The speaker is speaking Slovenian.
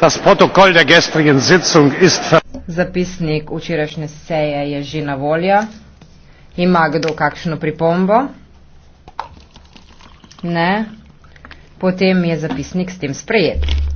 Das protokoll der gestrigen Sitzung ist Zapisnik včerajšnje seje je že na voljo. Ima kdo kakšno pripombo? Ne. Potem je zapisnik s tem sprejet.